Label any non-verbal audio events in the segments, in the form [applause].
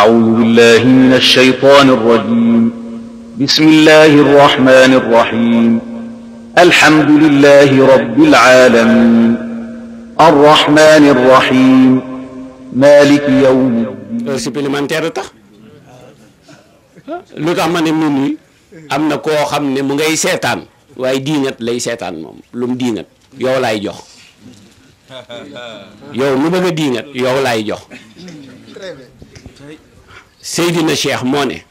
أعوذ بالله من الشيطان الرجيم بسم الله الرحمن الرحيم الحمد لله رب العالمين الرحمن الرحيم مالك يوم الدين supplémentaire tax lu tax ma ne mu ni am na koo xam ne mu ngay seetaan waaye diingat lay seetaan moom lu mu diingat yow laay jox [laughs] yow lu bëgg a diingat yow laay jox Seydina Cheikh moo ne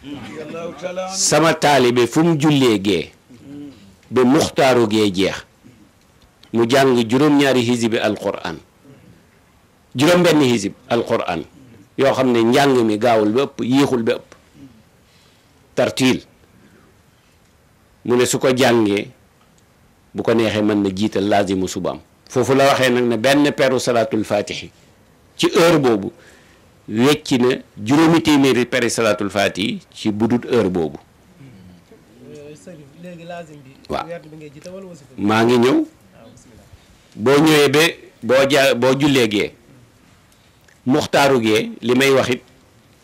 sama taalibe fu mu jullee gee ba muxtaaru gee jeex mu jàng juróom-ñaari hizib alquran juróom-benn hizib alquran yoo xam ne njàng mi gaawul ba ëpp yéexul ba ëpp tartiil mu ne su ko jàngee bu ko neexee mën na jiital laazimu subaam foofu la waxee nag na benn peru salaatul faatihi ci heure boobu wecci na juróomi téeméeri pere salaatul faati ci budut heure boobu waaw maa ngi ñëw boo ñëwee ba boo ja boo jullee gee muxtaaru gee li may waxit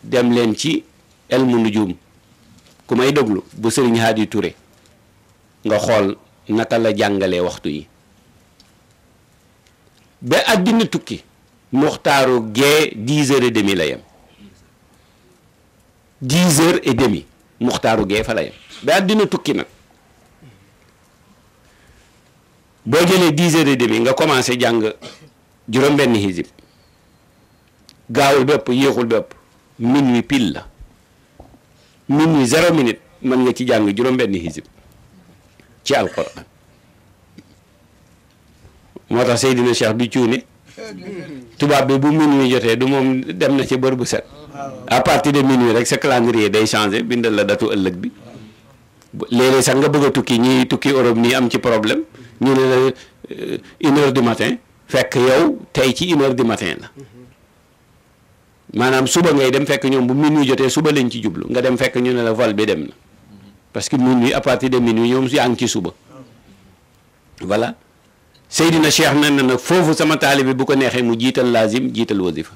dem leen ci elmu nujum ku may déglu bu sëriñ Hadi Touré nga xool naka la jàngale waxtu yi ba àddina tukki muxtaaru gee dix heures et demi la yem dix heures et demi muxtaaru gee fa la yem ba àddina tukki nag boo jëlee dix heures et demi nga commencé jàng juróom-benn hizib gaawul bépp yéexul bépp minuit pile la minuit zéro minute mën nga ci jàng juróom-benn hizib ci alquran moo tax Seydina Cheikh du cuune tubaab bi bu minuit jotee du moom dem na ci bër bu set à partir de minuit rek sa calendrier day changé bindal la datu ëllëg bi léeg-léeg sax nga bëgg a tukki ñiy tukki Europe nii am ci problème ñu ne la euh, une du matin fekk yow tey ci une heure du matin la maanaam suba ngay dem fekk ñoom bu minuit jotee suba lañ ci jublu nga dem fekk ñu ne la vol bi dem na parce que minuit à partir de minuit ñoom yaa ngi ci suba voilà Seydina Cheikh nee na nag foofu sama taalibe bu ko neexee mu jiital laazim jiital wazifa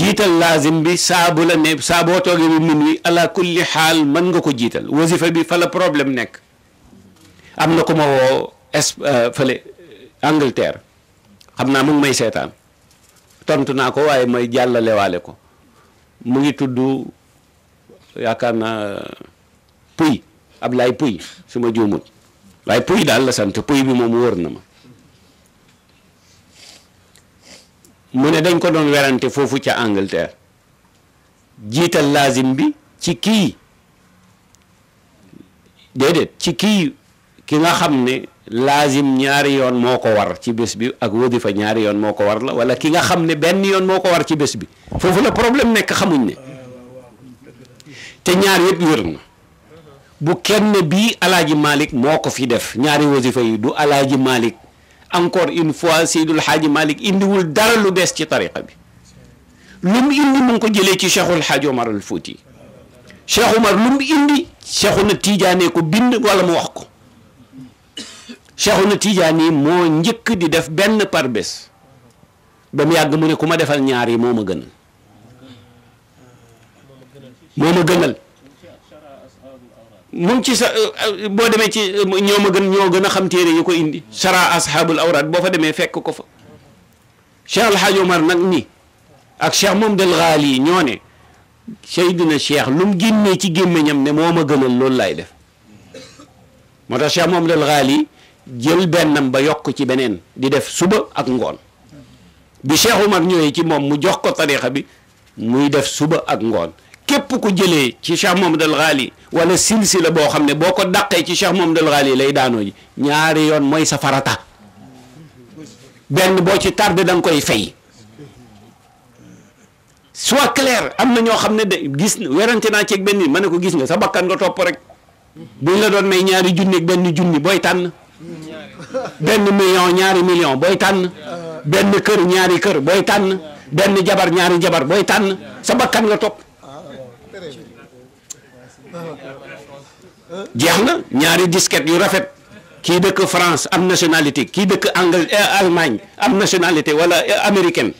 jiital laazim bi saa bu la toogee bi mun wi ala kulli xaal mën nga ko jiital wazifa bi fa la problème nekk am na ku ma woo euh, xam naa mu may seetaan tontu naa ko waaye may jàllale waale ko mu ngi tudd yaakaar naa Puy Ablaye Puy su ma juumul waaye puy daal la sant puy bi moom wóor na ma mu ne dañ ko doon werante foofu ci Angleterre jiital laazim bi ci kii déedéet ci kii ki nga xam ne laazim ñaari yoon moo ko war ci bés bi ak wadifa ñaari yoon moo ko war la wala ki nga xam ne benn yoon moo ko war ci bés bi foofu la problème nekk xamuñ ne te ñaar yëpp wér na bu kenn bii alaaji malik moo ko fi def ñaari wasifa yi du alaaji malik encore une fois seydul xaaji malik indiwul dara lu bees ci tariqa bi mu indi mu ko jëlee ci cheikhul xaaji omar fouti cheikh omar lu na tiijaanee ko bind wala mu wax ko cheikhu na tiijaani moo njëkk di def benn par bés ba yàgg mu ne ku ma defal ñaar yi moo ma gënal moo ma gënal mu ci sa euh, boo demee ci euh, ñoo ma gën ñoo gën a xam téere yi ko indi sara ashaabul awraat boo fa demee fekk ko fa cheikh alhaaj omar nag ni ak cheikh moom del yi ñoo ne seydina cheikh lu mu génnee ci gémmiñam ne moo ma gënal loolu laay def moo tax cheikh moom del xaali jël bennam ba yokk ci beneen di def suba ak ngoon bi cheikh omar ñëwee ci moom mu jox ko tarixa bi muy def suba ak ngoon képp ko jëlee ci Cheikh Mohamadul Ghali wala silsila boo xam ne boo ko dàqee ci Cheikh Mohamadul Ghali lay daanoo ñaari yoon mooy safarata benn boo ci tardé da nga koy fay soit clair am na ñoo xam ne de gis werante naa ceeg benn ma ne ko gis nga sa bakkan nga topp rek buñ la doon may ñaari junni ak benn junni booy tànn benn million ñaari million booy tànn benn kër ñaari kër booy tànn benn jabar ñaari jabar booy tànn sa bakkan nga topp jeex na ñaari disquette yu rafet kii dëkk France am nationalité kii dëkk Angle euh, Allemagne am nationalité wala euh, américaine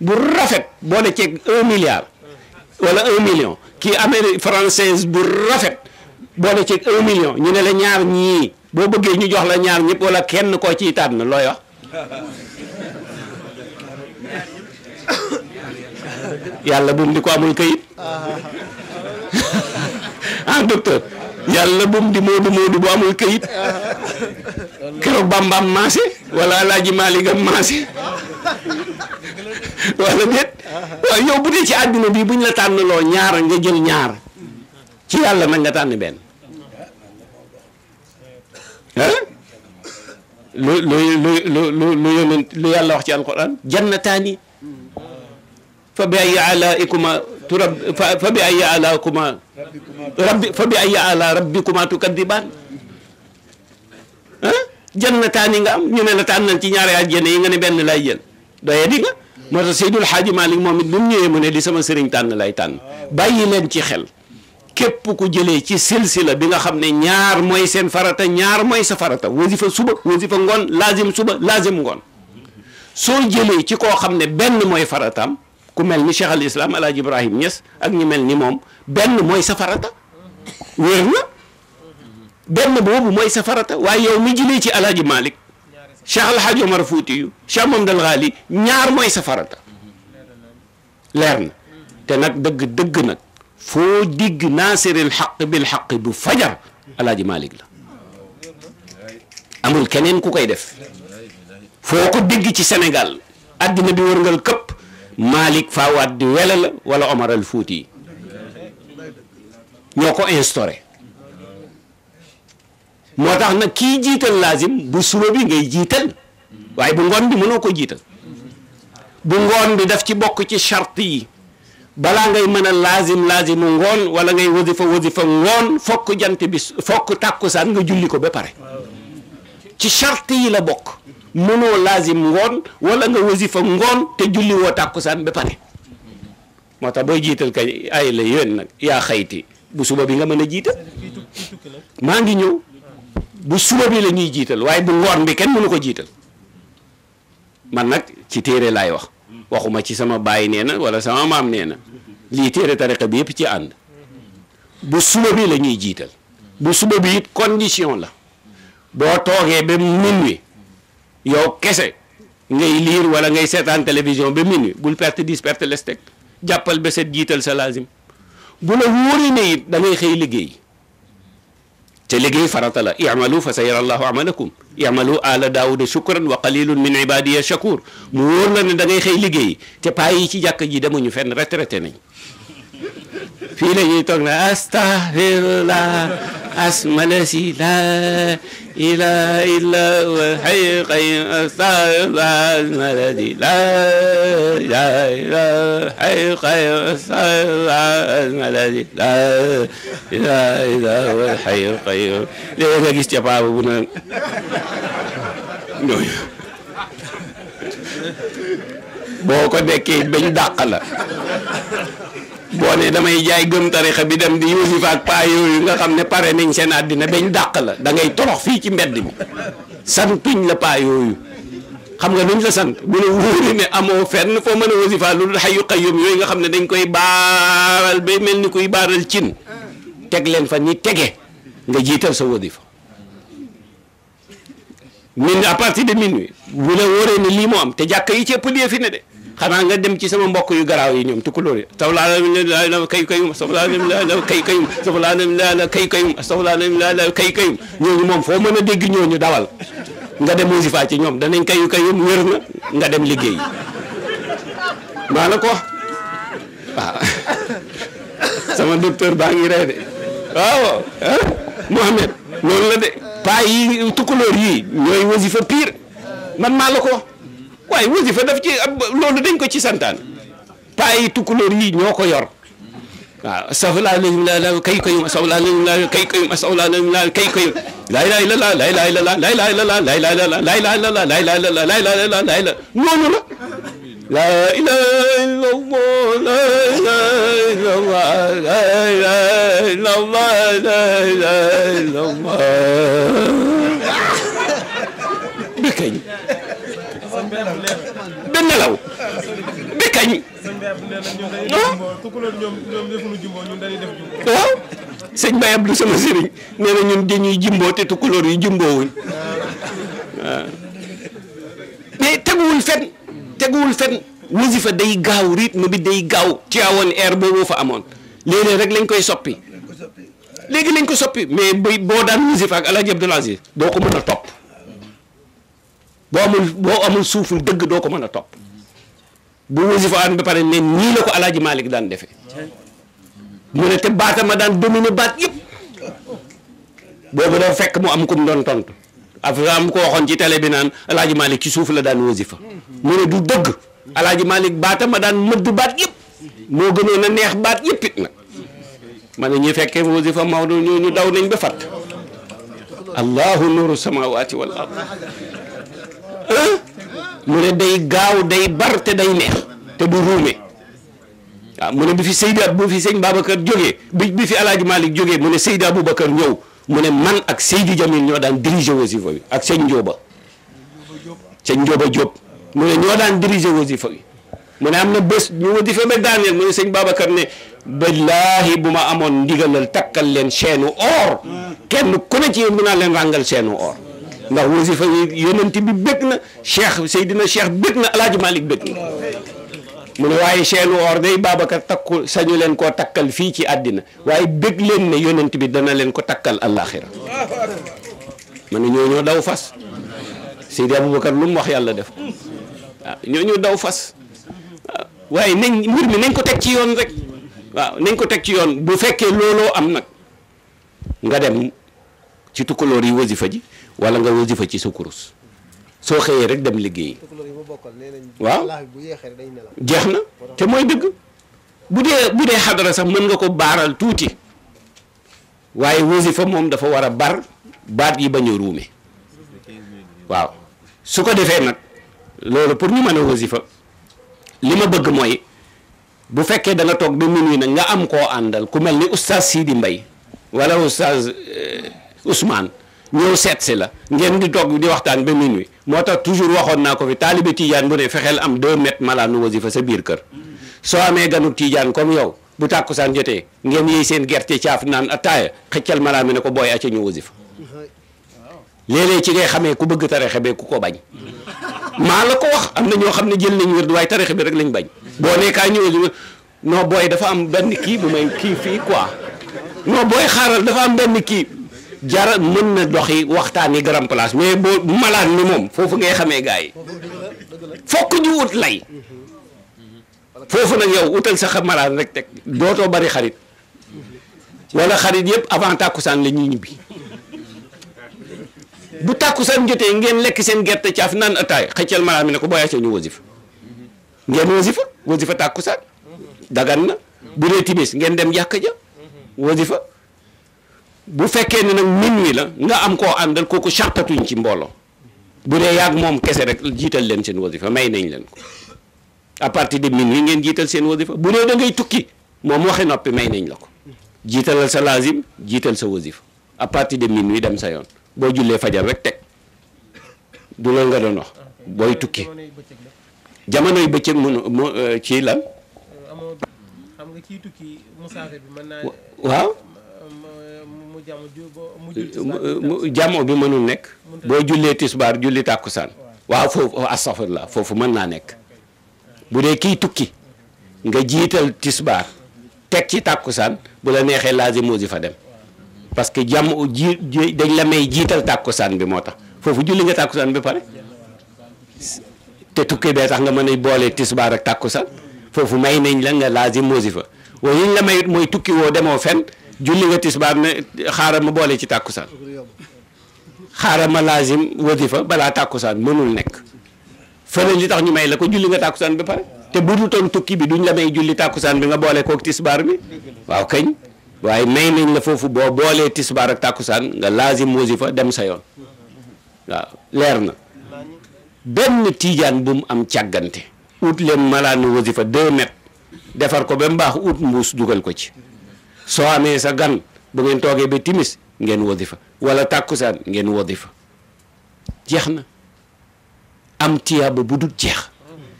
bu rafet boole ceeg un milliard wala un million kii Amérique française bu rafet boole ceeg un million ñu ne la ñaar ñii boo bëggee ñu jox la ñaar ñëpp wala kenn koo ciy tànn looy wax [coughs] yàlla bu di ko amul kayit [laughs] ah docteur yàlla bu mu di moodu moodu bu amul këyit keroog bambaam maase wala alaaji maaliga maase wala déet waaw yow bu ci àdduna bi bu la tànn loo ñaar nga jël ñaar ci yàlla nag nga tànn benn lu lu lu lu lu yàlla wax ci alquran jannataani fa bi ay alaikuma fa bi ay alaikuma rabbi fa bi ay ala rabbikuma tukaddiban ah nga am ñu ne la tànnal ci ñaari àjjana yi nga ne benn lay jël doye di nga moo tax Seydul Xaaji Maalik moom it bi ne di sama sëriñ tànn lay tànn bàyyi leen ci xel képp ko jëlee ci silsila bi nga xam ne ñaar mooy seen farata ñaar mooy sa farata wasifa suba wasifa ngoon laazim suba laazim ngoon soo jëlee ci koo xam ne benn mooy faratam ku mel ni cheikh al islam alaaji ibrahim ñes ak ñi mel ni moom benn mooy safarata wér na benn boobu mooy safarata waaye yow mi jëlee ci alaaji malik cheikh alhaaj omar fuuti ñaar mooy safarata leer na te nag dëgg dëgg nag foo digg naasiril xaq bil xaq bu fajar alaaji malik la amul keneen ku koy def foo ko digg ci sénégal addina bi wër ngal këpp malik Fawad di wele la wala Omar Fuuti yi ñoo ko instauré moo tax na kii jiital laazim bu suba bi ngay jiital waaye bu ngoon bi mënoo ko jiital bu ngoon bi daf ci bokk ci charte yi balaa ngay mën a laazim laazimu ngoon wala ngay wasifa wasifa ngoon fokk jant bi fokk tàkkusaan nga julli ko ba pare ci charte yi la bokk mënoo laazim ngoon wala nga wasifa ngoon te julli woo tàkkusaan ba pare moo tax booy jiital kay ay la yéen nag yaa xayti bu suba bi nga mën a jiital maa ngi ñëw bu suba bi la ñuy jiital waaye bu ngoon bi kenn mënu ko jiital man nag ci téere laay wax ci sama baay nee na wala sama maam nee na lii téere tariqa bi yëpp ci ànd bu suba bi jiital bu suba bi it condition la boo toogee ba minuit yow kese ngay liir wala ngay seetaan télévision ba minuit bul perte dix perte les teg jàppal ba set jiital sa laazim bu la wóoree ne it da xëy liggéey te liggéey farata la i'malu fa sayara allahu amalakum i'malu ala daawuda shukran wa qalilun min ibadiya shakur mu wóor la ne da ngay xëy liggéey te paa yi ci jàkk ji demuñu fenn retraité nañ fii la ñuy toog na astaghfirullah asmanasi la ilaha illa huwa hayy qayyum astaghfirullah asmanasi la ilaha illa huwa hayy qayyum astaghfirullah asmanasi la ilaha illa huwa hayy qayyum léegi nga gis capaabu bu na boo ko dekkee bañ dàq la boo ne damay jaay gëm tarixa bi dem di yóosi paa yooyu nga xam ne pare nañ seen àddina bañ dàq la da ngay torox fii ci mbedd bi santuñ la paa yooyu xam nga dañ la sant bu la wóoree amoo fenn foo mën a wasifa lu dul xayu qayyum yooyu nga xam ne dañ koy baaral mel ni kuy baaral cin teg leen fa ni tege nga jiital sa wasifa min à partir de minuit bu la wóoree ne lii moo am te jàkk yi ci ëpp li fi ne de xanaa nga dem ci sama mbokk yu garaaw yi ñoom tukkulóor yi astafurlaa la kay kayum astafurlaa la kay kayum astafurlaa la kay kayum astafurlaa la kay kayum ñooñu moom foo mën a dégg ñooñu dawal nga dem wasifa ci ñoom danañ kayu kayum wér nga dem liggéey maa la ko sama docteur baa ngi rey de waaw ah, Mohamed la de paa yi yi ñooy wasifa pire man maa la ko waaye wasifa daf ci loolu dañ ko ci santaan paa yi tukkulóor yi ñoo ko yor waaw astafurlah la kay koyum astafurlah la kay koyum astafurlah la kay koyum lay lay la la lay lay la la lay lay la la lay lay la la lay lay la la lay lay la la lay lay la lay la noonu la laa ilaaha illallah laa ilaaha illallah laa ilaaha illallah laa ilaaha illallah nelaw ba kañ. waaw sëñ Baye Abdou sama sëriñ nee na ñun dañuy jimboo te tukulóor yi jimboowuñ waaw mais teguwul fen teguwul fen fa day gaaw rythme bi day gaaw ci awoon air boobu fa amoon léeg rek lañ koy soppi léegi lañ ko soppi mais bay boo daan wasifa ak El Hadj Abdoul doo ko mën a topp boo amul boo amul suuful dëgg doo ko mën a topp bu wasifa am ba pare ne nii la ko alaaji Malick daan defee mu ne te baatam a daan dominer baat yëpp boobu dafa fekk mu am ko doon tontu affaire am ko waxoon ci télé bi naan alaaji Malick ci suuf la daan wasifa mu ne du dëgg alaaji Malick baatam a daan mëdd baat yëpp moo gënoon a neex baat yëpp nag ma ne ñu fekkee wasifa Maodo ñu daw nañ ba fàtt allahu nuru samawati wal ard mu ne day gaaw day bar te day neex te bu ruume waaw ah, mu ne bi fi Seydi bu fi sëñ Babacar jógee bi bi fi El Hadj Malick jógee mu ne Seydi Aboubacar ñëw mu ne man ak Seydi Jamil ñoo daan diriger wasifa bi ak sëñ Njóoba sëñ Njóoba Diop mu ne ñoo daan diriger wasifa bi mu ne am na bés ñu wasifa ba daaneel mu ne sëñ Babacar ne billaahi bu ma amoon ndigalal takkal leen chaîne or kenn ku ne ci yéen dinaa leen ràngal chaîne or. ndax wasifa yi yonent bi bëgg na cheikh Seydina cheikh bëgg na alaaji Malick bëgg na mu ne waaye seenu or day Babacar takku sañu leen koo takkal fii ci àddina waaye bëgg leen ne yonent bi dana leen ko takkal àllaaxira ma ne ñoo ñoo daw fas Seydi Aboubacar lu mu wax yàlla def ko ah, ñoo ñoo daw fas ah, waaye nañ mbir mi nañ ko teg ci yoon rek waaw nañ ko teg ci yoon bu fekkee looloo am nag nga dem ci tukulóor yi wasifa ji wala nga wasifa ci sa kurus soo xëyee rek dem liggéey waaw jeex na te mooy dëgg bu dee bu dee xadara sax mën nga ko baaral tuuti waaye wasifa moom dafa war a bar baat yi bañ a ruume waaw su ko defee nag loolu pour ñu mën a wasifa li ma bëgg mooy bu fekkee da toog toog ba minuit nag nga am koo àndal ku mel ni sii di mbay wala oustaz euh, Ousmane ñëw seet la ngeen di toog di waxtaan ba minuit moo tax toujours waxoon naa ko fi taalibe tiijaan bu ne fexeel am 2 mètres malaanu wasifa sa biir kër soo amee ganu tiijaan comme yow bu tàkkusaan jotee ngeen yéey seen gerte ci caaf naan attaaya xëccal malaan mi ne ko booy acca ñu wasifa léeg ci ngay xamee ku bëgg tarixe bi ku ko bañ maa la ko wax am na ñoo xam ne jël nañ wér waaye tarixe bi rek lañ bañ boo nekkaa ñëw non booy dafa am benn kii bu may kii fii quoi booy dafa am benn jara mën na doxi waxtaan yi grand place mais boo malaan ni moom foofu ngay xamee gars yi fokk ñu wut lay mhm. foofu nag yow utal sa malaan rek teg dootoo bari xarit wala xarit yëpp avant tàkkusaan la ñuy ñibbi bu tàkkusaan jotee ngeen lekk seen gerte caaf naan ataay xëccal malaan mi ne ko boo yaasoo ñu wasifa ngeen wasifa wasifa tàkkusaan mhm. dagan na bu dee timis ngeen dem jàkka ja mhm. wasifa bu fekkee ne nag minuit la nga am koo àndal kooku sartatuñ ci mbooloo bu dee yàgg moom kese rek jiital leen seen wasifa may nañ leen ko à partir de minuit ngeen jiital seen wasifa bu dee da ngay tukki moom waxe noppi may nañ la ko jiitalal sa lazim jiital sa wasifa à partir de minuit dem sa yoon boo jullee fajar rek teg du la nga doon wax booy tukki jamonoy bëccëg mu euh, ci lan. nga kii tukki musaafir bi mën waaw. jamo bi mënul nekk boo jullee tisbaar julli tàkkusaan waaw foofu la foofu mën naa nekk bu dee kii tukki nga jiital tisbaar teg ci tàkkusaan bu la neexee laazim si fa dem parce que jàmm ji dañ la may jiital tàkkusaan bi moo tax foofu julli nga tàkkusaan bi pare te tukki bee tax nga mën a boole tisbaar ak tàkkusaan foofu may nañ la nga laazim si fa waaye ñu la mayut mooy tukki woo demoo fenn julli nga tisbaar ne xaaral ma boole ci tàkkusaan xaaral ma laazim wadifa balaa tàkkusaan mënul nekk fële li tax ñu may la ko julli nga tàkkusaan bi pare te bu dutoon tukki bi duñ la may julli tàkkusaan bi nga boole kook tisbaar bi waaw kañ waaye may nañ la foofu boo boolee tisbaar ak tàkkusaan nga laazim wasifa dem sa yoon waaw leer na benn tiijaan bu mu am càggante ut leen malaan wasifa deux mètres defar ko ba mu baax ut mbuus dugal ko ci soo amee sa gan bu ngeen toogee ba timis ngeen wadifa wala tàkkusaan ngeen wadifa jeex na am tiyaaba bu dul jeex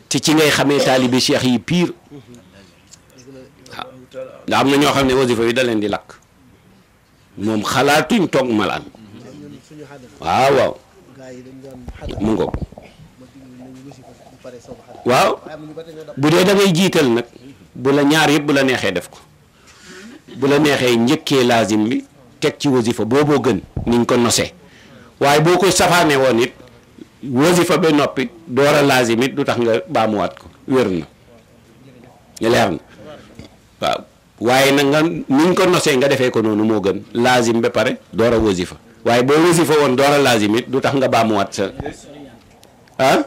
te ci ngay xamee taalibe cheikh yi piir ndax am na ñoo xam ne wasifa bi da leen di lakk moom xalaatuñ toog malaan waaw waaw mu ngoog waaw bu dee da jiital nag bu la ñaar yëpp bu la neexee def ko bu la neexee njëkkee lazim bi teg ci wasifa booboo gën niñ ko nosee waaye boo koy safaane woon it wasifa ba noppi door a lazim it du tax nga baamuwaat ko wér na leer na waaw nag nga niñ ko nosee nga defee ko noonu moo gën lazim ba pare door a wasifa waaye boo wasifa woon door a lazim tax nga baamuwaat sa ah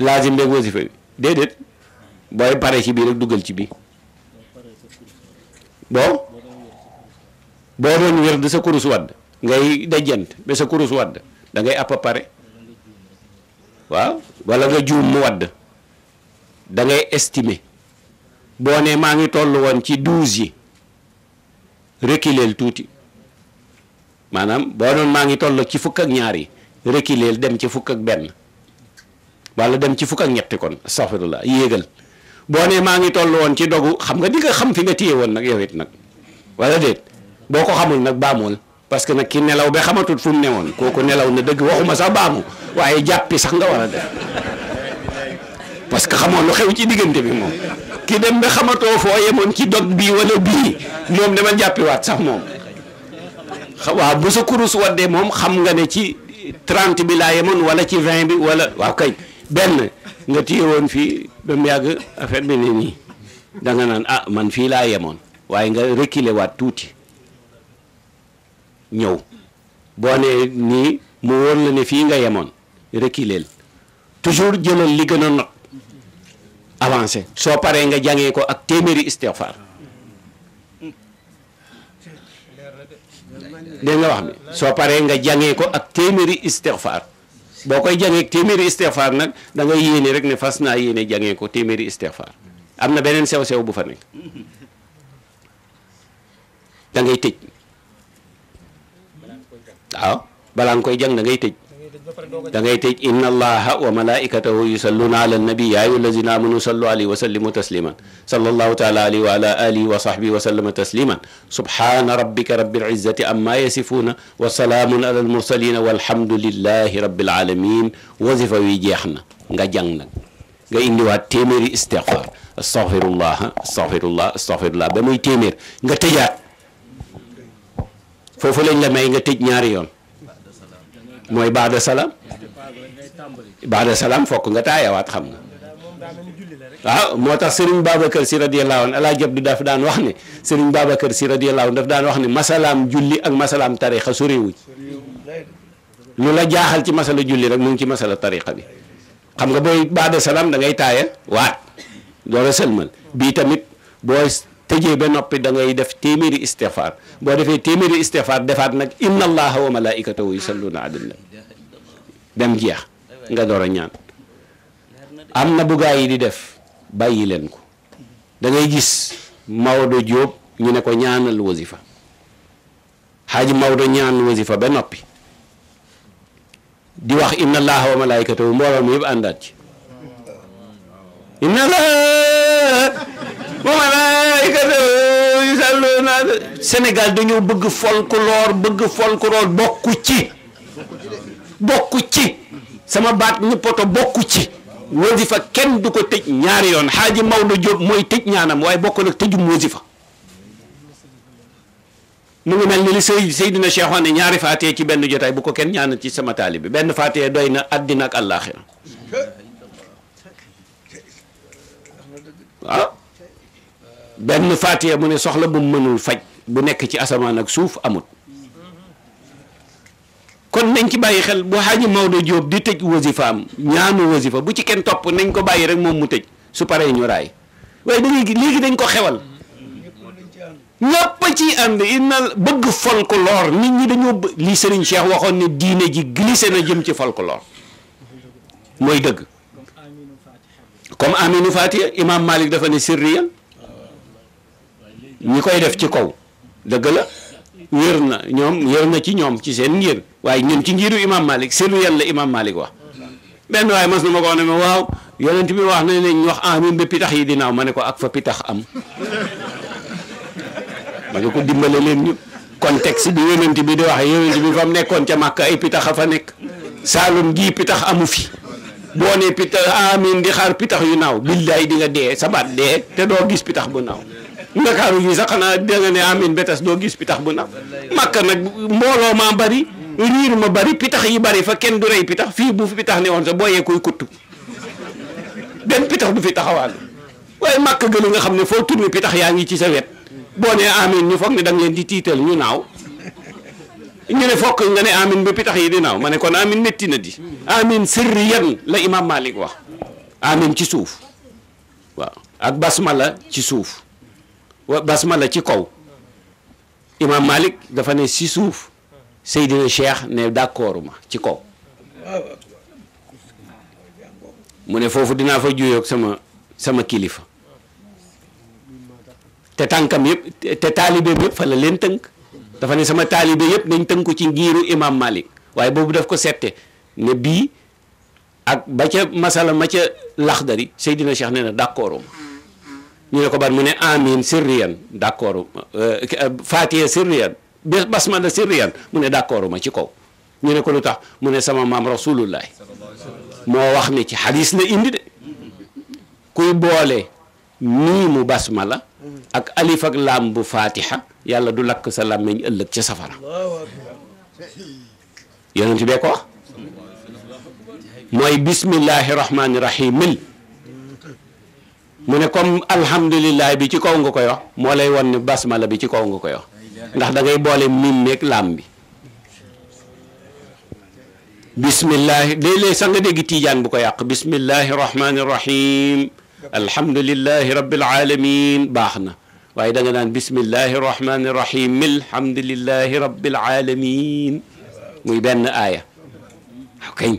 lazim beeg wasifa bi déedéet booy pare ci bii rek dugal ci bii boo boo doon wér di sa kurus wadd ngay dajjant ba sa kurus wadd dangay ngay àpp pare waaw walla nga juum mu wadd dangay ngay boo ne maa ngi toll woon ci douze yi reculer tuuti maanaam boo doon maa ngi toll ci fukk ak ñaar yi reculer dem ci fukk ak benn wala dem ci fukk ak ñetti kon astaghfirullah yéegal boo nee maa ngi toll woon ci dogu xam nga di nga xam fi nga téye woon nag yow it nag wala déet boo ko xamul nag baamul parce que nag ki nelaw be xamatul fu ne woon kooku nelaw na dëgg waxuma sax baamu waaye jàppi sax nga war a parce que xamoon lu xew ci diggante bi moom ki dem ba xamatoo foo yemoon ci dog bii wala bii moom dama jàppiwaat sax moom waaw bu sa kurus waddee moom xam nga ne ci 30 bi laa yemoon wala ci vingt bi wala waaw kay benn nga téye woon fii ba mu yàgg affaire bi ne nii da nga naan ah man fii laa yemoon waaye nga reculer waat tuuti ñëw boo nee nii mu wóor la ne fii nga yemoon reculer toujours jëlal li gën a not avancé soo paree nga jàngee ko ak téeméeri istighfar dégg nga wax soo paree nga jàngee ko ak téeméeri istighfar boo koy jàngee téeméeri istixfaar nag da ngay yéene rek ne fas naa yéene jàngee ko téeméeri istixfaar am na beneen sew-sew bu fa nekk da ngay tëj aw balaa nga koy jàng da ngay tëj da ngay tëj inna allaha wa malaikatahu yusalluna ala nabi ya ayyuha allazina amanu sallu alayhi wa sallimu tasliman sallallahu taala alayhi wa ala alihi wa sahbihi wa sallama tasliman subhana rabbika rabbil izzati amma yasifuna wa salaamun ala al mursalina walhamdulillahi rabbil alamin wazifa wi jeex na nga jàng nag nga indiwaat téeméeri istighfar astaghfirullah astaghfirullah astaghfirullah ba muy téeméer nga tëjaat foofu lañ la may nga tëj ñaari yoon mooy baada salaam baada salaam fokk nga taayawaat xam na waaw ah, moo tax Serigne Babacar si radiyallahu anhu alaa jëb du daf daan wax ne Serigne Babacar si radiyallahu anhu daf daan wax ne masalaam julli ak masalaam tarixa soriwuñ lu la jaaxal ci masala julli rek mu ngi ci masala tarixa bi xam nga booy baada salaam da ngay taaya waat doola sëlmal bii tamit booy tëjee ba noppi dangay def téeméeri istixfaar boo defee téeméeri istixfaar defaat nag inna allaha wa malaikatahu yusalluna ala nabi dem jeex nga door a ñaan am na bu gaa yi di def bàyyi leen ko da ngay gis Maodo Diop ñu ne ko ñaanal wasifa xaaji Maodo ñaan wasifa ba noppi di wax in allaha wa malaikatahu mbooloo mi yëpp àndaat ci inna allah Euh, Sénégal dañoo bëgg folklore bëgg folklore bokku ci bokku ci sama baat ñu poto bokku ci wasifa kenn du ko tëj ñaari yoon xaaji Maodo Diop mooy tëj ñaanam waaye bokk nag tëjum wasifa mu ngi mel ni li sëy Seydina Cheikh wax ne ñaari faatee ci benn jotaay bu ko kenn ñaanal ci sama bi benn faatee doy na àddina ak àllaaxira waaw ah. benn faatiya mu ne soxla bu mënul faj bu nekk ci asamaan ak suuf amut kon nañ ci bàyyi xel bu xaaji Maodo Diop di tëj wasifaam ñaanu wasifa bu ci kenn topp nañ ko bàyyi rek moom mu tëj su paree ñu raay waaye da ngay léegi dañ ko xewal ñëpp ci ànd ina bëgg folklore nit ñi dañoo li Serigne Cheikh waxoon ne diine ji glissé na jëm ci folklore mooy dëgg comme aminu fatiha imam malik dafa ne sirriya ñi koy def ci kaw dëgg la wér na ñoom wér na ci ñoom ci seen ngir waaye ñun ci ngiru imam malik seenu yan la imam malik wax benn waaye mas na ma ko wax ne ma waaw yonent bi wax ne pitax yi dinaaw ma ne ko ak fa am ma ne ko dimbale leen ñu contexte bi yonent bi di wax yonent bi fa nekkoon ca màkk ay pitax a fa nekk saalum gii pitax amu fi boo ne pitax amin di xaar pitax yu naaw billaay di nga dee sabaat dee te doo gis pitax bu naaw ndakaaru gi sax xanaa danga ne amin ba tas doo gis pitax bu nag màkk nag mbooloo maa bari riir ma bari pitax yi bari fa kenn du rey pitax fii bu fi pitax ne woon sax boo yee koy kuttu benn pitax du fi taxawaal waaye màkk gëlu nga xam ne foo tourné pitax yaa ngi ci sa wet boo nee amin ñu foog ne da leen di tiital ñu naaw ñu ne fokk nga ne amin ba pitax yi di naaw ma ne kon amin métti na di amin sirriyan la imam malik wax amin ci suuf waaw ak basmala ci suuf la ci kaw imam malik dafa ne si suuf Seydina Cheikh ne d'accord ma ci kaw mu ne foofu dinaa fa juyoog sama sama kilifa te tànkam yëpp te taalibeem yëpp fa la leen tënk dafa ne sama taalibe yëpp nañ tënku ci ngiiru imam malik waaye boobu daf ko sette ne bii ak ba ca masala ma ca laxdari Seydina Cheikh ne na d'accord ñu ne ko ban mu ne amin sirriyan d'accord euh, fatiha sirriyan basmala sirriyan mu ne d'accord ma ci kaw ñu ne ko lu tax mu ne sama maam rasulullahi moo wax ne ci xadis la indi de kuy boole miimu basmala ak alif ak laam bu fatiha yàlla du lakk sa làmmiñ ëllëg ca safara yonent bee ko wax mooy bismillahi rahmani mu ne comme alhamdulilah bi ci kaw nga koy wax moo lay wan ne basmala bi ci kaw nga koy wax ndax da boole miim meeg laam bi bismillahi léeg-léeg tiijaan bu ko yàq bismillahi rahmaani rahim alhamdulilahi rabbil alamin baax na waaye da naan bismillahi rahmaani rahim alhamdulilahi rabbil alamin muy benn aaya kañ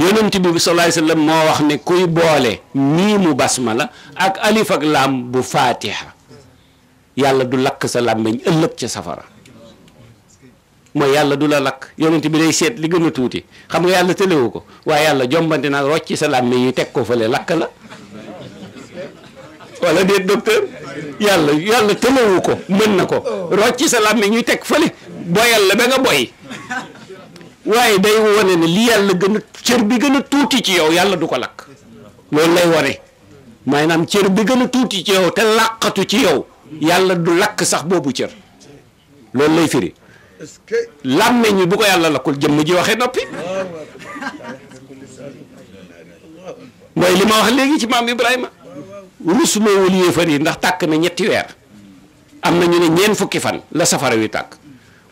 yonent bi sallallahu alayhi wasallam moo wax ne kuy boole mu bas ma la ak laam bu faatiha yàlla du lakk sa làmmiñ ëllëg ca safara mooy yàlla du la lakk yonent bi day seet li gën a tuuti xam nga yàlla tëlewu ko waaye yàlla jombante nag rocci sa làmmiñ yi teg ko fële lakk la wala déet docteur yàlla yàlla tëlewu ko mën na ko rocci sa làmmiñ yi teg fële boyal la ba nga boy waaye day wane ne li yàlla gën a cër bi gën a tuuti ci yow yàlla du ko lakk loolu lay wane naam cër bi gën a tuuti ci yow te làqatu ci yow yàlla du lakk sax boobu cër loolu lay firi làmmeñ wi bu ko yàlla lakkul jëmm ji waxee noppi mooy li wax léegi ci maam Ibrahima ma wul yéefar yi ndax tàkk na ñetti weer am na ñu ne ñeen fukki fan la safara wi tàkk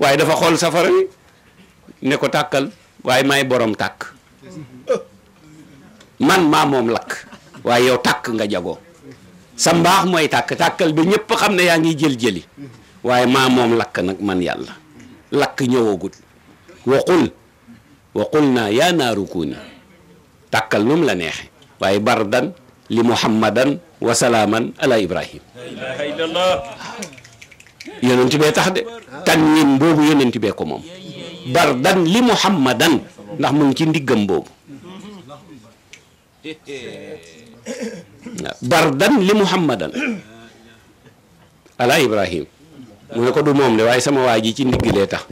waaye dafa xool safara wi ne ko tàkkal waaye may borom tàkk man maa moom lakk waaye yow tàkk nga jagoo sa mbaax mooy tàkk tàkkal bi ñépp xam ne yaa ngi jël jëli waaye maa moom lakk nag man yàlla lakk ñëwagut waqul waqul naa yaa naaru kuuni tàkkal nu la neexe waaye bardan li muhammadan wa salaaman ala ibrahim yonent bee tax de tan ñin boobu yonent bee ko moom dardan li muhammadan ndax mu ci ndiggam boobu dardan [coughs] li ala ibrahim mu ne ko du moom de waaye sama waa ji ci ndiggilee tax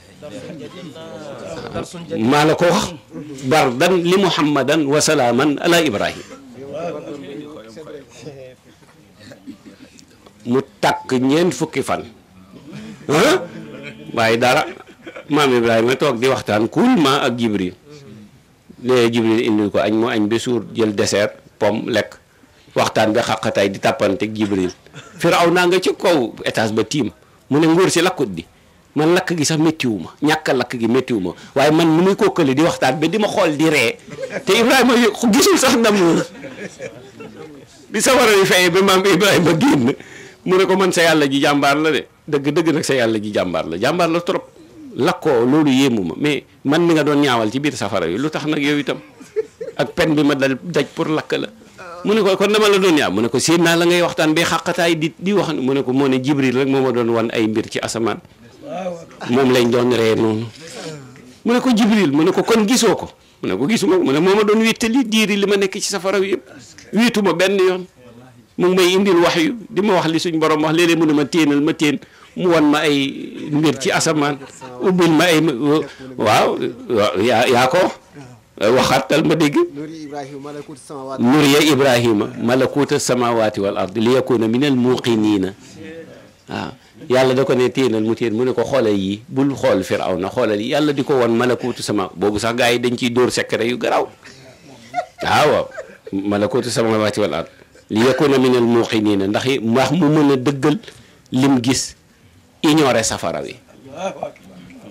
maa la ko wax dardan li muhammadan wa salaaman ala ibrahim mu takk ñeent fukki fan waaye dara maam a toog di waxtaan coolment ak Jibril léegi Jibril indil ko añ mu añ ba suur jël dessert pomme lekk waxtaan ba xaqataay di tàppante ak Jibril firaw naa nga ci kaw étage ba tiim mu ne ngóor si lakkut di man lakk gi sax méttiwu ma ñàkk a lakk gi méttiwu waaye man nu muy kokkale di waxtaan ba di ma xool di ree te a gisul sax ndam bi sawara yi fayee ba maam Ibrahima génn mu ne ko man sa yàlla ji jàmbaar la de dëgg dëgg nag sa yàlla ji jàmbaar la jàmbaar la trop lakkoo loolu yéemu ma mais man mi nga doon ñaawal ci biir safara yi lu tax nag yow itam ak pen bi ma dal daj pour lakk la oh. mu ne ko kon dama la doon ñaaw mu ne ko séen naa la ngay waxtaan bay xàqataay di di wax mu ne ko moo ne jibril rek moo ma doon wan ay mbir ci asamaan moom lañ doon ree noonu mu ko jibril mu ne ko kon gisoo ko mu ne ko gisuma mu ne moo ma doon wéttali diiri li ma nekk ci safara wi yëpp wéetuma benn yoon mu ngi may indil wax yu di ma wax li suñ borom wax léeg-léeg mu ne ma téenal ma téen mu wan ma ay mbir ci asamaan ubbil ma ay waaw yaa yaa ko waxaatal ma dégg nuriya ibrahima malakuta samawati wal ard li yakuna min al muqinina waaw yàlla da ko ne téenal mu téen mu ne ko xoolal yi bul xool firaw na xoolal yi yàlla di ko wan malakutu sama boobu sax yi dañ ciy dóor secret yu garaaw waaw malakutu samawati wal ard li yakuna min al muqinina ndax ndax mu mën a dëggal lim gis ignorer safara wi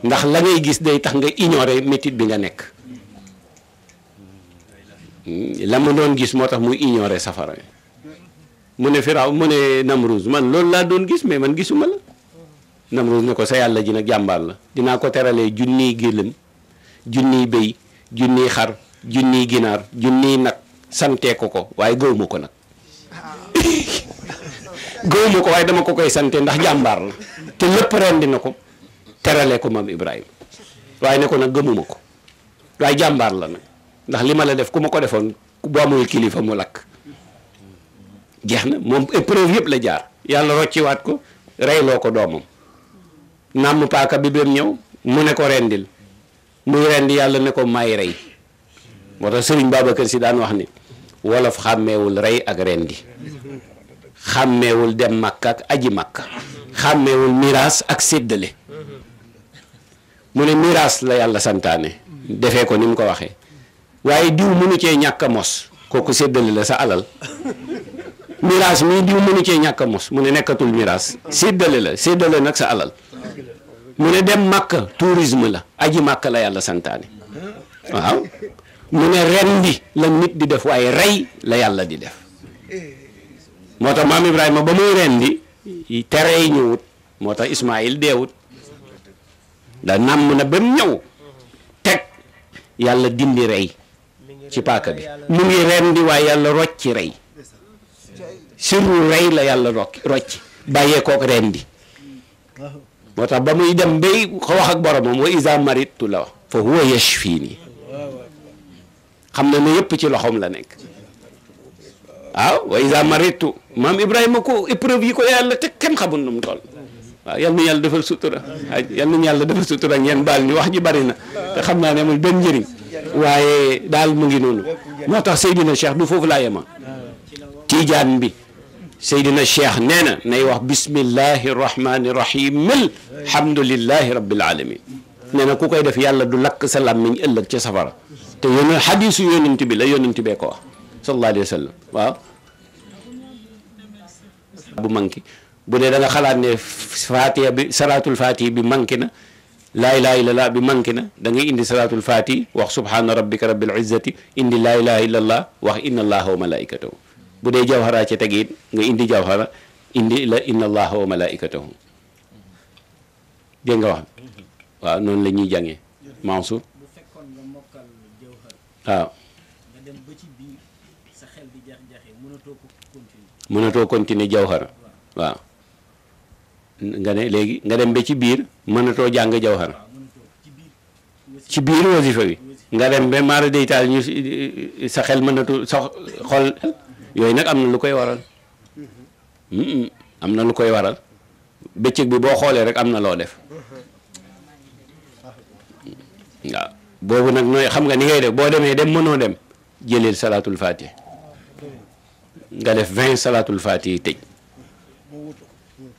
ndax la ngay gis day tax nga ignorer metit bi nga nekk la ma doon gis moo tax muy ignorer safara wi mu ne Firaaw mu ne Namruus man loolu laa doon gis mais man gisuma la Namruus ne ko sa yàlla ji nag jàmbaar la dinaa ko teralee junni gëlëm junni béy junni xar junniy ginaar junniy nag santee ko waaye gëwuma ko nag ah. [laughs] gëwuma ko waaye dama ko koy sante ndax jàmbaar la te lépp rendi na ko terale ko maam Ibrahima waaye ne ko nag gëmuma ko waaye jàmbaar la nag ndax li ma la def ku ma ko defoon bu amul kilifa mu lakk jeex na moom épreuve yëpp la jaar yàlla rocciwaat ko reyloo ko doomam nàmm paaka bi ñëw mu ne ko rendil muy yàlla ne ko may rey moo tax sëriñ Babacar si daan wax ni wolof xàmmeewul rey ak rendi xàmmeewul dem makka ak aji makka xàmmeewul miraas ak séddale mu ne miraas la yàlla santaane defe ko ni mu ko waxee waaye diw mënu cee ñàkk a mos kooku séddale la sa alal miraas mii diw mënu cee ñàkk a mos mu ne nekkatul miraas séddale la séddale nag sa alal mu ne dem makka tourisme la aji makka la yàlla santaane waaw mu ne ren la nit di def waaye rey la yàlla di def moo tax maam Ibrahima ba muy rendi tere yi ñëwut moo tax Ismaayil deewut da nàmm na ba mu ñëw teg yàlla dindi rey ci paaka bi mu ngi rendi waaye yàlla rocci rey sirru rey la yàlla rocci bàyyee kook rendi moo tax ba muy dem bay wax ak boromam wa iza maritu la fa huwa yashfini xam na ne yëpp ci loxom la nekk waaw wa iza maritu maam Ibrahima ko épreuve yi ko yàlla teg kenn xamul nu mu toll waaw yal na yàlla defal sutura yal nañu yàlla defal sutura ngeen baal ñu wax ji bari na te xam naa ne amul benn njëriñ waaye daal mu ngi noonu moo tax Seydina Cheikh du foofu laa yema tiijaan bi Seydina Cheikh nee na nay wax bismillahi rahmani rahim alhamdulillahi rabbil alamin nee na ku koy def yàlla du lakk sa làmmiñ ëllëg ca safara te yónent xadiisu yónent bi la yónent bee ko wax sallallahu alayhi wa sallam waaw bu bu dee da xalaat ne fatiha bi salaatul bi manqué na laa ilaha illallah bi manqué na da ngay indi salaatul fatiha wax subhaana rabbika rabbil izzati indi laa ilaha illallah wax inna allaha wa malaikatahu bu dee jawhara ca teg it nga indi jawhara indi la inna allaha wa malaikatahu dégg nga wax waaw la ñuy jàngee Mansour waaw mënatoo continuer jawhara waaw nga ne léegi nga dem ba ci biir mënatoo jàng jawhara ci biir wasifa wi nga dem ba maara deytaal ñu sa xel mënatul sa xol yooyu nag am na lu koy waral am na lu koy waral bëccëg bi boo xoolee rek am na loo def waaw boobu nag nooy xam nga ni ngay def boo demee dem mënoo dem jëleel salaatul faatiha nga def vingt salaatul faatihi tëj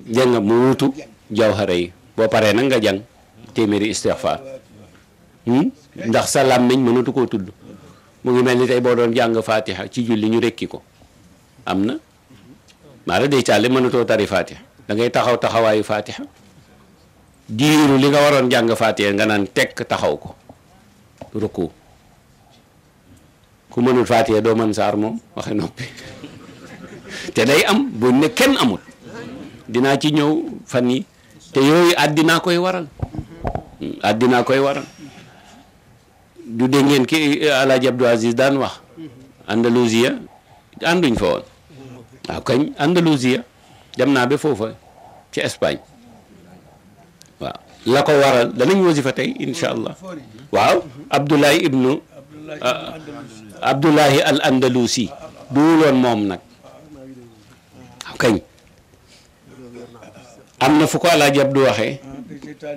dégg nga mu wutu jawhara yi boo paree nag nga jàng téeméeri istixfaar hmm? ndax sa làmmiñ mënatu koo tudd mu ngi mel ni tey boo doon jàng faatiha ci julli ñu rekki ko am na maa la day càlle mënatoo tari faatiha dangay taxaw taxawaayu faatiha diiru li nga waroon jàng faatiha nga naan tekk taxaw ko rukku ku mënul faatiha doo mën saar moom waxe noppi te day am bu ne kenn amul dinaa ci ñëw fan yi te yooyu àddinaa koy waral mm, àddinaa koy waral du dégg ngeen ki eh, Alaaji Abdou daan wax Andalousia ànduñ fa woon waaw ah, kañ Andalousia dem naa ba foofa ci Espagne waaw la ko waral danañ wasifa tey incha allah waaw Abdoulaye ibnu ah, Abdoulahi al Andalusi duwuloon moom nag kañ am na fu ko alaaj Abdu waxee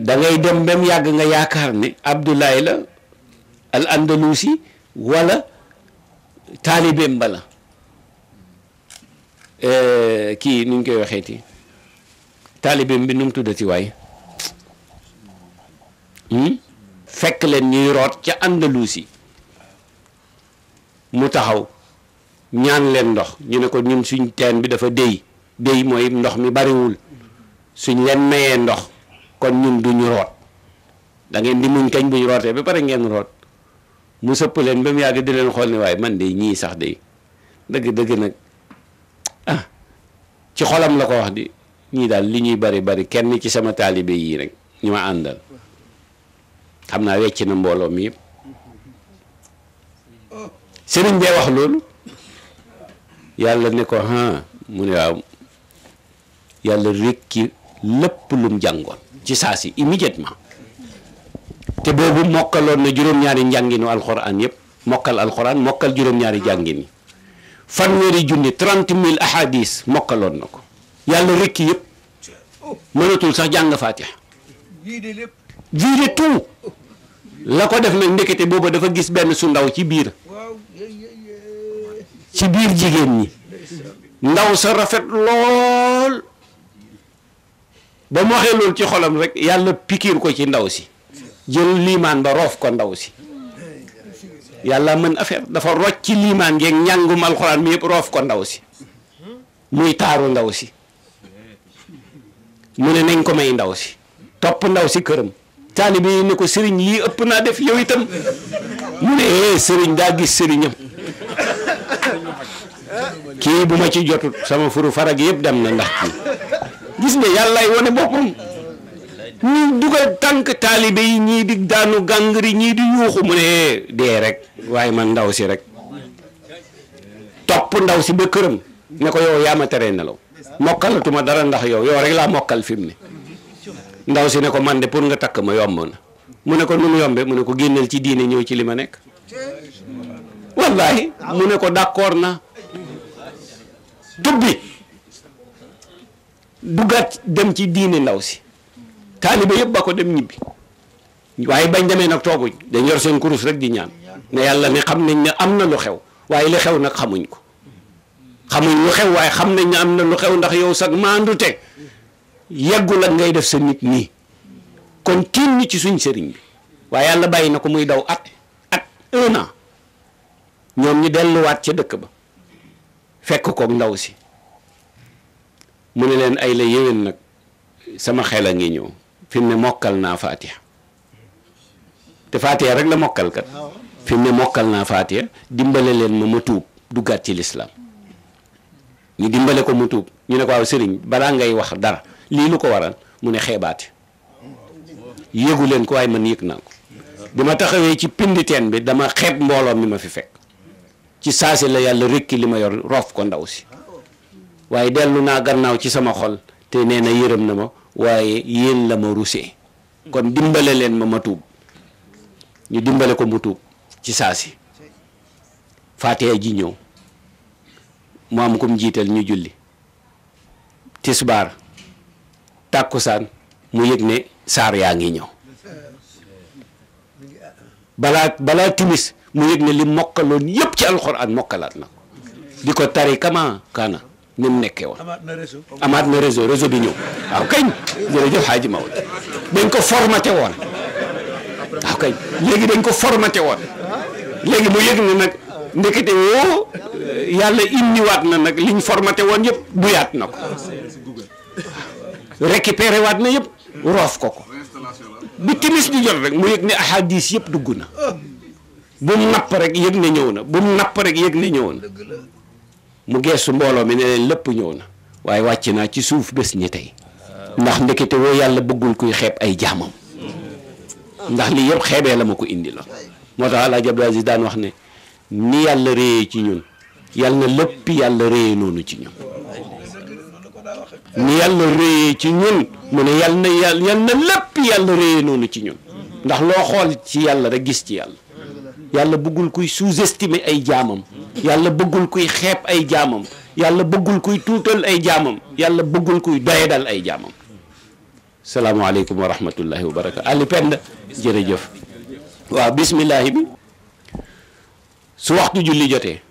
da dem ba mu yàgg nga yaakaar ne Abdoulaye la al andalusi wala taalibeem bala eh, kii nu ñu koy waxeeti taalibeem bi nu mu tuddati waay hmm? fekk leen ñuy root ca andalusi mu taxaw ñaan leen ndox ñu ne ko ñun suñ teen bi dafa déy béy mooy ndox mi bariwul suñ leen mayee ndox kon ñun duñu root da ngeen di muñ kañ buñ rootee ba pare ngeen root mu sëpp leen ba mu yàgg di leen xool ne waaye man de ñii sax de dëgg dëgg nag ah, ci xolam la ko wax di ñii daal li ñuy bari bari kenn ci sama taalibe yii rek ñu ma àndal xam naa wecc na mbooloo mi yëpp sëriñ bee wax loolu yàlla ne ko ah mu ne waaw yàlla rekki lépp lum jàngoon ci saa si immédiatement te boobu mokkaloon na juróom-ñaari njànginu alxuraan yëpp mokkal alxuraan mokkal juróom-ñaari jàngini fanweeri junni trente mille ahadis mokkaloon na ko yàlla rekki yépp mënatul sax jàng faatiha vide tout la ko def nag ndekete booba dafa gis benn su ndaw ci biir ci biir jigéen ñi ndaw sa rafet lool ba mu waxee loolu ci xolam rek yàlla pikiir ko ci ndaw si jël liimaan ba roof ko ndaw si yàlla mën affaire dafa rocc ci liimaan ngeeg njàngum alxuraan mi yëpp roof ko ndaw si muy taaru ndaw si mu ne nañ ko may ndaw si topp ndaw si këram taalibe yi ko sëriñ lii ëpp naa def yow itam mu ne eh sëriñ daa gis sëriñam kii ci jotut sama furu farag yëpp dem na ndax kii gis nga yàllaay wane boppam ñu dugal tànk taalibe yi ñii di daanu gàngri ñii di yuuxu mu ne dee rek waaye man ndaw si rek topp ndaw si ba këram ne ko yow yaa ma teree nelaw mokkalatuma dara ndax yow yow rek laa mokkal fim mu ne ndaw si ne ko man de pour nga takk ma yomb na mu ne ko nu mu yombe mu ne ko génnal ci diine ñëw ci li ma nekk wallahi mu ne ko d'accord na dubbi duggaat dem ci diine ndaw si taaliba yëpp ba ko dem ñibbi waaye bañ demee nag toogu dañ yor seen kurus rek di ñaan ne yàlla ne xam nañ ne am na lu xew waaye li xew nag xamuñ ko xamuñ lu xew waaye xam nañ ne am na lu xew ndax yow sax maandu teg yeggul ak ngay def sa nit nii kon tiim ñi ci suñ sëriñ bi waaye yàlla bàyyi na ko muy daw at at un an ñoom ñi delluwaat ca dëkk ba fekk koog ndaw si mu ne leen ay la yéwén nag sama xel a ngi ñëw fi mu ne mokkal naa faatiha te faatiha rek la mokkal kat ah, fi mu ne mokkal naa faatiha dimbale leen ma ma tuub duggaat ci lislaam ñu dimbale ko mu tuub ñu ne ko waaw sëriñ balaa ngay wax dara lii lu ko waral mu ne xeebaati yëgu leen ko waaye man yëg naa ko bi ma taxawee ci pinditeen bi dama xeeb mbooloo mi ma fi fekk ci saasi la yàlla rekki li ma yor roof ko ndaw si waaye dellu naa gannaaw ci sama xol te nee na yërëm na ma waaye yéen la ma rusee kon dimbale leen ma ma tuub ñu dimbale ko mu tuub ci saasi faatiha ji ñëw mu am kum jiital ñu julli tisbaar tàkkusaan mu yëg ne saar yaa ngi ñëw balaa balaa timis mu yëg ne li mokkaloon yëpp ci alxuraan mokkalaat na ko di ko tari kama kaana ni mu nekkee woon amaat na réseau réseau bi ñëw waaw kañ jërëjëf Hadji Maodo dañ ko formaté woon waaw kañ léegi dañ ko formaté woon léegi mu yëg na nag ndekete woo yàlla indiwaat na nag liñ formate woon yëpp yaat na ko récupéré waat na yëpp roof ko ko bu timis di jot rek mu yëg ni ahadis yëpp dugg na bu mu napp rek yëg ne ñëw na bu mu napp rek yëg ne ñëw na mu geesu mbooloo mi ne leen lépp ñëw na waaye wàcc naa ci suuf bés ñi tey ndax ndekete woo yàlla bëggul kuy xeeb ay jaamam ndax li yëpp xeebee la ma ko indi la moo tax Alaaji Abdou daan wax ne ni yàlla réyee ci ñun yàlla na lépp yàlla réyee noonu ci ñun ci mu ne yàlla na yàlla na lépp yàlla réyee noonu ci ñun ndax loo xool ci yàlla rek gis ci yàlla yàlla bëggul kuy sous ay jaamam yàlla bëggul kuy xeep ay jaamam yàlla bëggul kuy tuutal ay jaamam yàlla bëggul kuy doyadal ay jaamam salaamaaleykum wa rahmatullahi wa barakaatu Ali Penda jërëjëf waaw bismillahi bi su waxtu julli jotee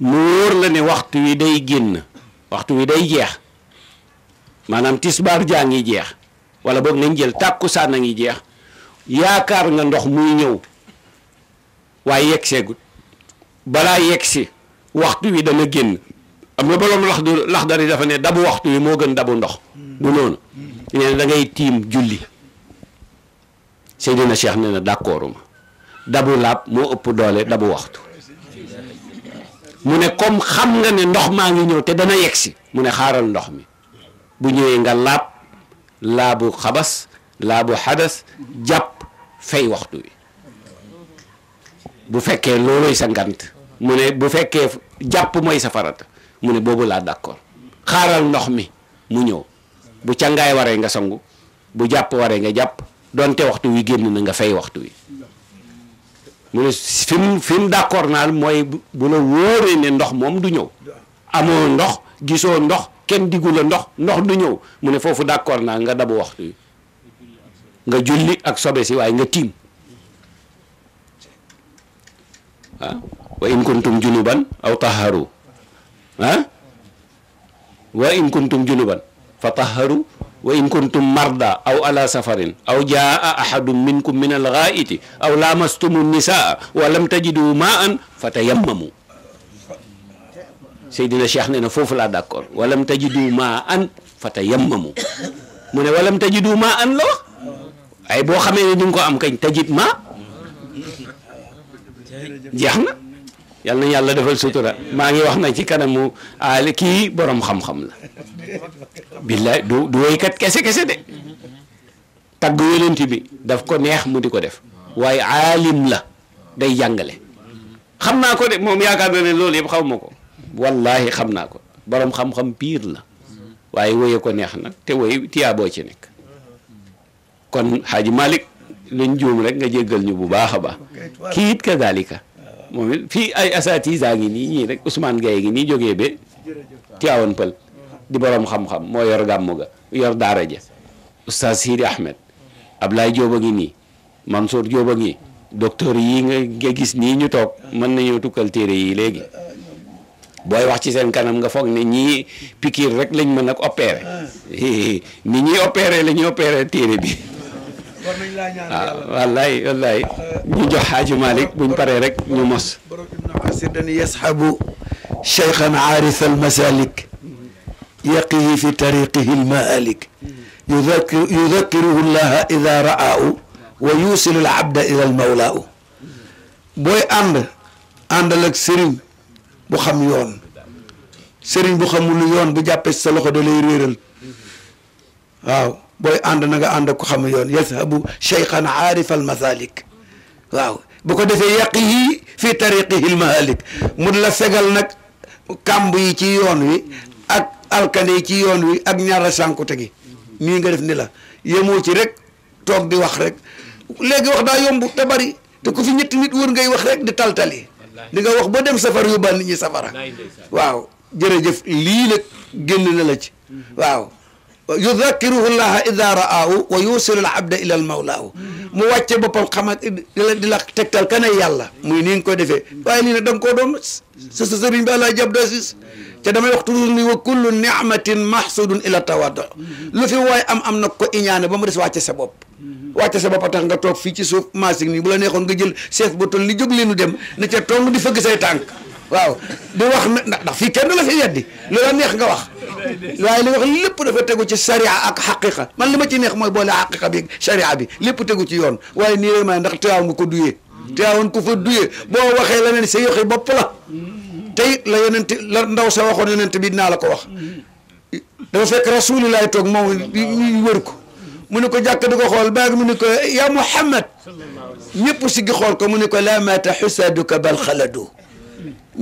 mu wóor la ne waxtu wi day génn waxtu wi day jeex maanaam tisbaar jaa ngi jeex wala boog nañ jël tàkkusaan a ngi jeex yaakaar nga ndox muy ñëw waaye yegg seegut balaa yegg si waxtu wi dana génn am na lax du lax dafa ne dabu waxtu wi moo gën dabu ndox du noonu nee na tiim julli Seydina Cheikh nee na d'accordu ma dabu laab moo ëpp doole dabu waxtu mu ne comme xam nga ne ndox maa ngi ñëw te dana yegg si mu ne xaaral ndox mi bu ñëwee nga laab laabu xabas laabu xadas jàpp fay waxtu wi bu fekkee loolooy sa ngant mu ne bu fekkee jàpp mooy sa farata mu ne boobu laa d'accord xaaral ndox mi mu ñëw bu cangaay waree nga sangu bu jàpp waree nga jàpp donte waxtu wi génn na nga fay waxtu wi mu ne fi mu fi mu mooy bu la wóoree ne ndox moom du ñëw amoo ndox gisoo ndox kenn diggu la ndox ndox du ñëw mu ne foofu d'accord naa nga dabu waxtu wi nga julli ak sobe si waaye nga tiim ah wa in kuntum junuban aw taharu ah wa in kuntum junuban fa taharu wa in kuntum marda aw ala safarin aw jaa ahadun minkum min alghaiti aw lamastumu nisaa wa lam tajidu maan fa tayammamu Seydina Cheikh ne na foofu laa d'accord wa lam tajidu maan fa tayammamu mu ne wa lam tajidu maan la wax ay boo xamee ne di nga ko am kañ tajid ma jeex na yal na yàlla defal sutura maa ngi wax na ci kanamu aali kii borom xam-xam la billaay du du woykat kese kese de tagg yonent bi daf ko neex mu di ko def waaye aalim la day jàngale xam naa ko de moom yaakaar na ne loolu yëpp xaw ma ko wallahi xam naa ko borom xam-xam piir la waaye woye ko neex na te woy tiyaaboo ci nekk kon Xaaji Malik luñ juum rek nga jéggal ñu bu baax a baax kii it kazalika moom it fii ay asatisa ngi nii ñii rek Ousmane Gaye ngi nii jógee ba Tivaouane Peulh di borom xam-xam moo yor gàmmu ga yor daara ja Oustaz Sidi Ahmed Ablaye Diop a ngi nii Mansour Diop a ngi docteur yii nga gis nii ñu toog mën nañoo tukkal téere yi léegi booy wax ci seen kanam nga foog ne ñii pikiir rek lañ mën a opeere ah. [laughs] ni ñuy opérer lañu ñuy téere bi war nañ laa ñaan ah, yàlla wallaay wallaay euh, ñu jox rek ñu mos borom ibnu xasir dañu yasxabu almasalik yaqihi fi tariqihi almaalik yudakkiruhu llaha ida ra'aahu wa yusilu alabda ila almawlaahu booy ànd àndal ak sëriñ bu bu xamul yoon bu jàppee loxo booy ànd na nga ànd ak ko xam yoon yadhabu cheykhan aarif al masalik waaw bu ko defee yaqihi fi tariqihi al mahalik mu la segal nag kàmb yi ci yoon wi ak alkane yi ci yoon wi ak ñaara sànkute gi nii nga def ni la yemoo ci rek toog di wax rek léegi wax daa yomb te bari te ku fi ñetti mi wër ngay wax rek di taltali di nga wax ba dem safar yóbbal nit ñi safara waaw jërëjëf lii nag génn na la ci mm-hmm. waaw yudakiruhu llaha ida ra'aahu wa yusilu labda ila al mawlaahu mu wàcce boppam xam ak di la di la tegtal ka ne yàlla muy ni nga koy defee waaye lii ne da nga koo doon sa sa sëriñ bi àlaa jab dasis te damay wax toujours ni wa kullu nicmatin mahsudun ila tawaddu lu fi waay am am na ko iñaane ba mu des wàcce sa bopp wàcce sa bopp a tax nga toog fii ci suuf maasig nii bu la neexoon nga jël chef ba toll ni jóg leenu dem na ca tong di fëgg say tànk waaw di wax na ndax fii kenn du la neex nga wax waaye li lépp dafa tegu ci sariya ak xaqiqa man li ma ci neex mooy boole xaqiqa bi sariya bi lépp tegu ci yoon waaye nii lay may ndax teewaan nga ko duyee teewaan ko fa duyee boo waxee leneen sa yoxi bopp la tey la yonent la ndaw sa waxoon yonent bi dinaa la ko wax dafa fekk rasulillahi toog moom ñu wër ko mu ne ko jàkk di ko xool baag mu ne ko ya muhammad ñëpp si gi xool ko mu ne ko la mata xusaduka bal xaladu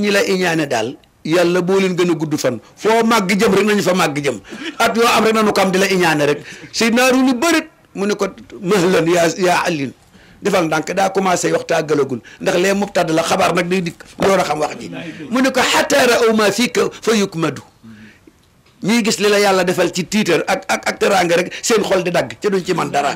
ñi la iñaane daal yàlla boo leen gën a gudd fan foo màgg jëm rek nañu fa màgg jëm at yoo am rek nañu kam di la iñaane rek si naaru lu bërit mu ne ko mahlan yaa yaa allin defal da daa commencé wax tàggalagul ndax lee mubtad la xabaar nag day dikk door a xam wax ji mu ne ko xataa ra'aw maa fiika fa yukmadu ñiy gis li la yàlla defal ci tiitar ak ak ak teraanga rek seen xol di dagg ci duñ ci man dara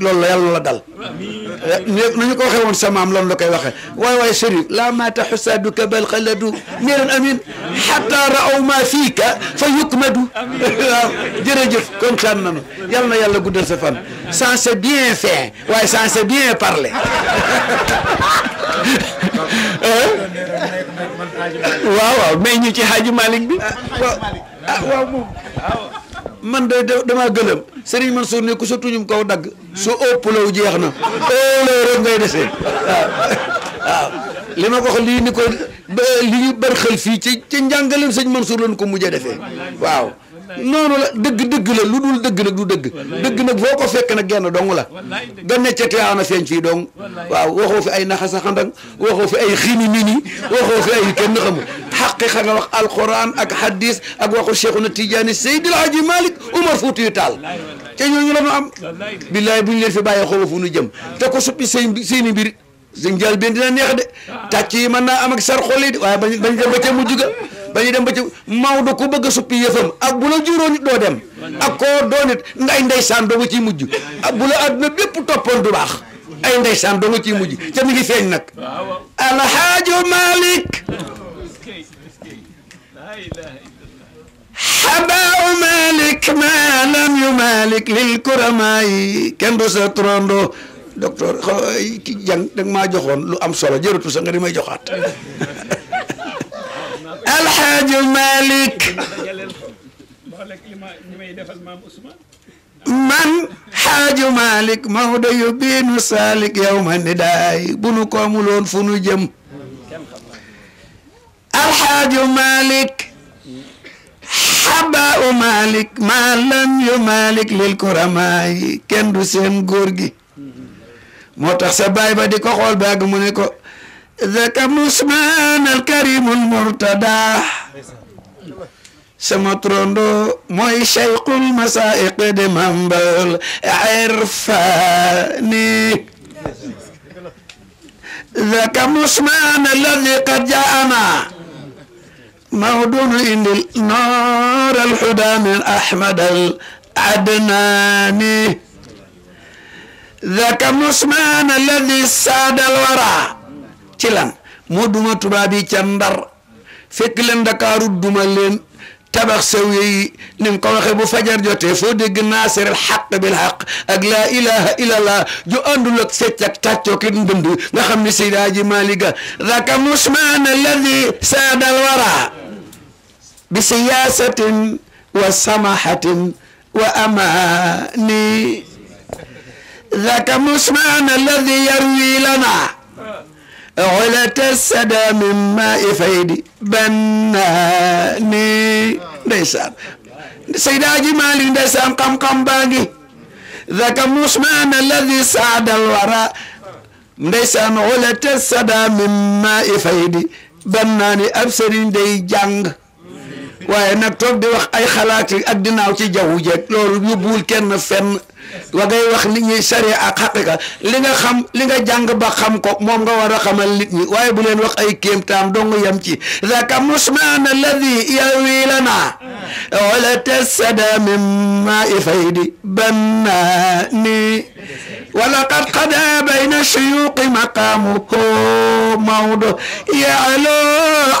loolu la yàlla la dal eh, nu ñu ko waxee woon samaam loolu la koy waxee waay waay sëriñ laa maata xusaaduka bal xaladu niiran amin xata raaw ma fiika fa ma yukmadu [laughs] waaw jëf kontaan nañu yàlla na yàlla guddal sa fan ça c'est bien fait waaye ça bien parlé [laughs] eh? waaw waaw mais ñu ci xaaji Malick bi ah man de damaa gëlëm sëriñ Mansour ne nekku sa tuñum kaw dagg soo ëpp law jeex na ëllëg rek ngay desee waaw waaw li ma ko wax lii ni ko li ñu bër xel fii ci ci njàngalem sëñ Mansour lañ ko mujjee defee waaw noonu la dëgg dëgg la lu dul dëgg nag du dëgg dëgg nag boo ko fekk nag genn dong la ga necca tiyaana feeñ fii dong waaw waxoo fi ay naxasa xandang waxoo fi ay xini nini waxoo fi ay kenn xamu xaqiqa nga wax alquran ak hadis ak waxu cheikhuna tijaani seydil haji malik umar fuuti yu taal te ñooñu la nu am billaay bu ñu leen fi bàyyee xooba fu nu jëm te ko suppi seen seeni mbir seen njaal dina neex de tàcc yi mën naa am ak sar xol yi waaye bañ bañ dem ba ca mujj ga dañuy dem ba ci Maodo ku bëgg a suppi yëfam ak bu la juróon doo dem ak koo doon it ngay ndeysaan doo nga ciy mujj ak bu la àdduna bépp toppoon du baax ay ndeysaan doo nga ciy mujj ca mi ngi feeñ nag alxaajo Malik xabaaw Malik ma lam yu Malik lil kuramaay kenn du sa trondo docteur ki jàng danga maa joxoon lu am solo jërëtu sa nga di may joxaat [laughs] alxaaji Malick man xaaji Malick Maodo yu biinu Salick yow ma ni daay bu nu ko amuloon fu nu jëm alxaaji Malick xaba u Malick maalam yu Malick lil kuramaay kenn du seen góor gi moo tax sa ba di ko xool baag mu ne ko ذاك مسمان الكريم المرتدى sama turando mooy cheikhul masaiq de mambal irfani ذاك مسمان الذي قد جاءنا مودون إن النار الحدى من أحمد العدناني ذاك مسمان الذي ساد الورى ci lan moo duma tubaab yi ca ndar fekk leen Dakaaru duma leen tabax sawiya yi ni mu ko waxee bu fajar jotee foo dégg naasir al xaq bil xaq ak laa ilaha illallah ju àndul ak fecc ak tàccoo ki ndënd nga xam ne Seydi Aji Malick zaka musmaan alladi saadal wara bi siyaasatin wa samahatin wa amaani zaka musmaan alladi yarwi lana علة السدى من ماء فيدي بناني ndeysaan Seydi Aji Maalik ndeysaan xam-xam baa ngi ذاك مصمان الذي سعد الورى ndeysaan علة السدى من ماء فيدي banaani ab sëriñ day jàng waaye nag toog di ay xalaat ak dinaaw ci jaww jeeg loolu yóbbuwul kenn fenn wa ngay wax nit ñi sariya ak xaqiqa li nga xam li ba xam ko moom nga war a xamal nit ñi waaye bu leen wax ay kéemtaam dong yam ci zaka musmaana alladi yawi lana wala tasada min ma i faydi bannaani ولقد قدا بين الشيوخ مقامه موضه يعلو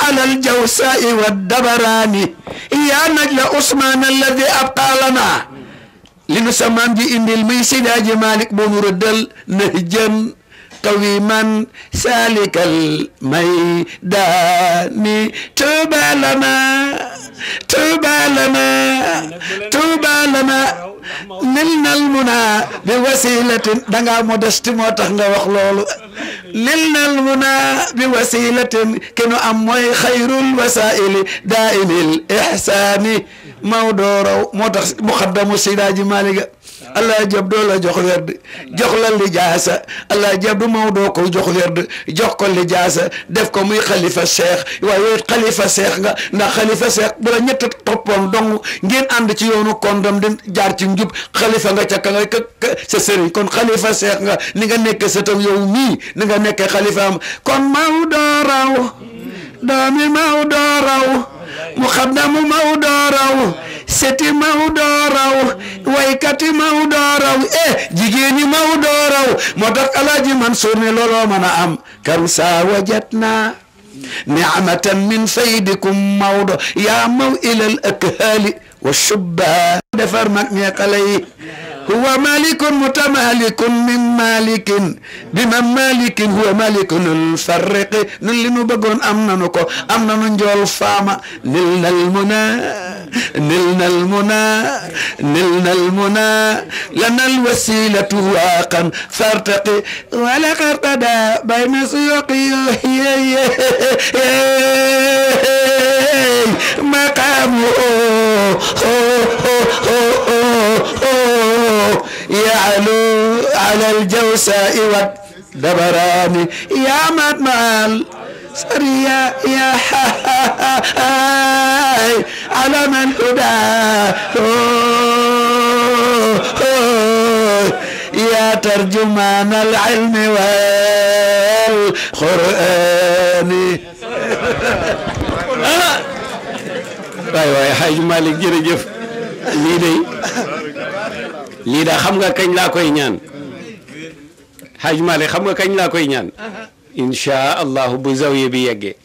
على الجوساء والدبراني يا نجل عثمان الذي أبقى لنا li nu sa maam ji indil muy sidaaji Malick moo nu rëddal nahjan qawiman salikal may daani tuuba lana tuuba lana tuuba lana muna bi wasilatin danga modeste moo tax nga wax loolu nil nal muna bi wasilatin kenu am mooy xayrul wasaili daaimil ihsaani Maodo raw moo tax muqaddamu Sidaaji Maliga allah jab doo la jox werd jox la lijaasa allah jab du Maodo ko jox werd jox ko lijaasa def ko muy xalifa seex waaye xalifa seex nga ndax xalifa seex bu la ñett toppoon dong ngeen ànd ci yoonu kondam di jaar ci njub xalifa nga ca ka sa sëriñ kon xalifa seex nga ni nga nekk sa tam yow mii ni nga nekk xalifa am kon Maodo raw doomi Maodo raw muqaddamu Maodo raw seti Maodo raw waykati Maodo raw eh jigéen ñi Maodo raw moo tax Alaaji Mansuur ne looloo mën a am kam saa wajat naa ni'matan min saydikum Maodo yaa maw ilal akhaali wa shubba defar mag ñeekale yi هو مالك متمالك من مالك بمن مالك هو مالك الفرق نلنو بقون أمنا نكو أمنا ننجول فاما نلنا المنا نلنا المنا نلنا المنا لنا الوسيلة واقا فارتقي ولا قرقدا بين سيوقي مقامه يعلو على الجوساء والدبران يا من مال سريا يا حي على من هداه يا ترجمان العلم والقرآن waay waay xaaj Malick jërëjëf lii de lii da xam nga kañ laa koy ñaan xaj male xam nga kañ laa koy ñaan incha allahu bu zawiya bi yeggee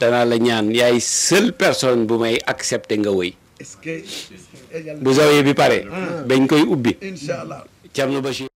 danaa la ñaan yaay seule personne bu may accepté nga wëy bu zawiya bi pare hmm. bañ koy ubbi Thierno Bachir